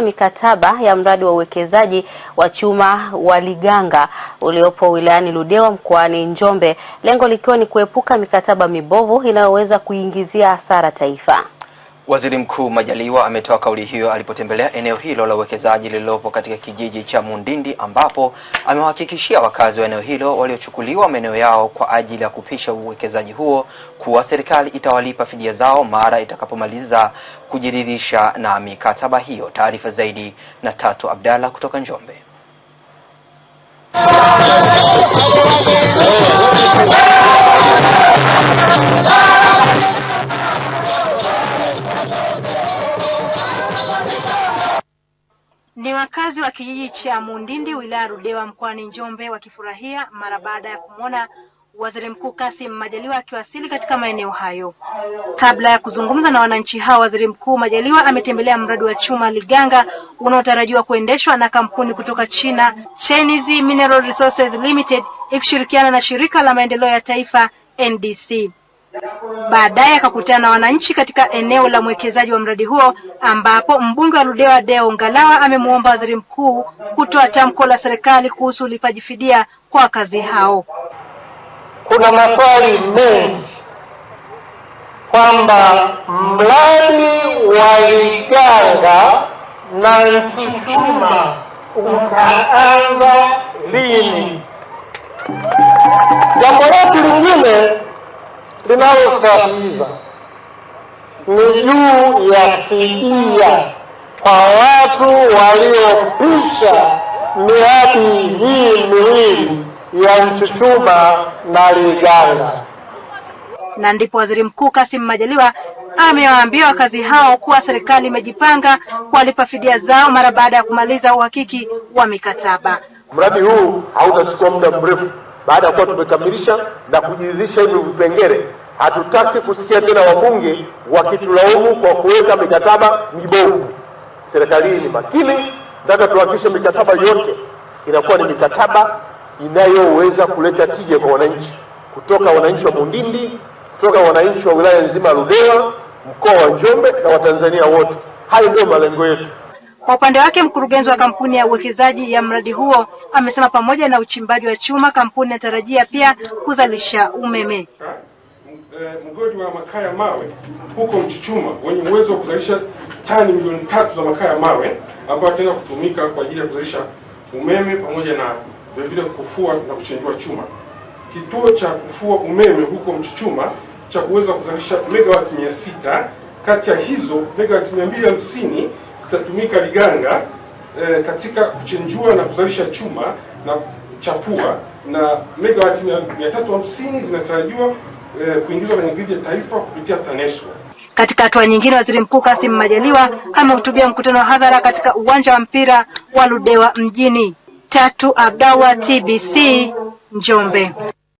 Mikataba ya mradi wa uwekezaji wa chuma wa Liganga uliopo wilayani Ludewa mkoani Njombe, lengo likiwa ni kuepuka mikataba mibovu inayoweza kuingizia hasara taifa. Waziri Mkuu Majaliwa ametoa kauli hiyo alipotembelea eneo hilo la uwekezaji lililopo katika kijiji cha Mundindi ambapo amewahakikishia wakazi wa eneo hilo waliochukuliwa maeneo yao kwa ajili ya kupisha uwekezaji huo kuwa serikali itawalipa fidia zao mara itakapomaliza kujiridhisha na mikataba hiyo. Taarifa zaidi na Tatu Abdalla kutoka Njombe. ni wakazi wa kijiji cha Mundindi wilaya rudewa mkoani Njombe wakifurahia mara baada ya kumwona Waziri Mkuu Kassim Majaliwa akiwasili katika maeneo hayo. Kabla ya kuzungumza na wananchi hao, Waziri Mkuu Majaliwa ametembelea mradi wa chuma Liganga unaotarajiwa kuendeshwa na kampuni kutoka China Chinese Mineral Resources Limited ikishirikiana na shirika la maendeleo ya taifa NDC. Baadaye akakutana na wananchi katika eneo la mwekezaji wa mradi huo ambapo mbunge wa Ludewa Deo Ngalawa amemwomba waziri mkuu kutoa tamko la serikali kuhusu ulipaji fidia kwa wakazi hao. Kuna maswali mengi kwamba mradi wa Liganga na Nchukuma utaanza lini? Jambo letu lingine inayotatiza ni juu ya fidia kwa watu waliopisha miradi hii miwili ya Mchuchuma na Liganga. Na ndipo Waziri Mkuu Kassim Majaliwa amewaambia wakazi hao kuwa serikali imejipanga kuwalipa fidia zao mara baada ya kumaliza uhakiki wa mikataba. Mradi huu hautachukua muda mrefu baada ya kuwa tumekamilisha na kujiridhisha hivyo vipengele Hatutaki kusikia tena wabunge wakitulaumu kwa kuweka mikataba mibovu. Serikali hii ni makini, nataka tuhakikishe mikataba yote inakuwa ni mikataba inayoweza kuleta tija kwa wananchi, kutoka wananchi wa Bundindi, kutoka wananchi wa wilaya nzima ya Ludewa, mkoa wa Njombe na Watanzania wote. Hayo ndio malengo yetu. Kwa upande wake mkurugenzi wa kampuni ya uwekezaji ya mradi huo amesema pamoja na uchimbaji wa chuma, kampuni inatarajia pia kuzalisha umeme. Eh, mgodi wa makaa ya mawe huko Mchuchuma wenye uwezo wa kuzalisha tani milioni tatu za makaa ya mawe ambayo ataenda kutumika kwa ajili ya kuzalisha umeme pamoja na vilevile kufua na kuchenjua chuma. Kituo cha kufua umeme huko Mchuchuma cha kuweza kuzalisha megawati mia sita kati ya hizo megawati mia mbili hamsini zitatumika Liganga e, katika kuchenjua na kuzalisha chuma na chapua na megawati mia tatu hamsini zinatarajiwa E, kuingizwa kwenye gridi ya taifa kupitia TANESCO. Katika hatua nyingine, Waziri Mkuu Kassim Majaliwa amehutubia mkutano wa hadhara katika uwanja wa mpira wa Ludewa mjini. Tatu Abdallah, TBC Njombe.